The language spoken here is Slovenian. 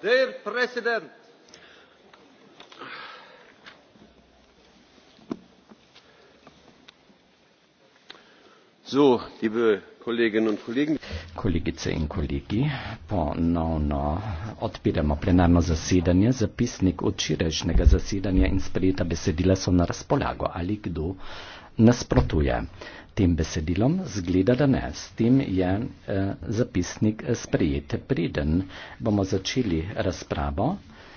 Dear President, so, liebe Kolleginnen und Kollegen, kolegice in kolegi, ponovno odpiramo plenarno zasedanje. Zapisnik včerajšnjega zasedanja in sprejeta besedila so na razpolago. Ali kdo nasprotuje tem besedilom? Zgleda, da ne. S tem je eh, zapisnik sprejet. Preden bomo začeli razpravo,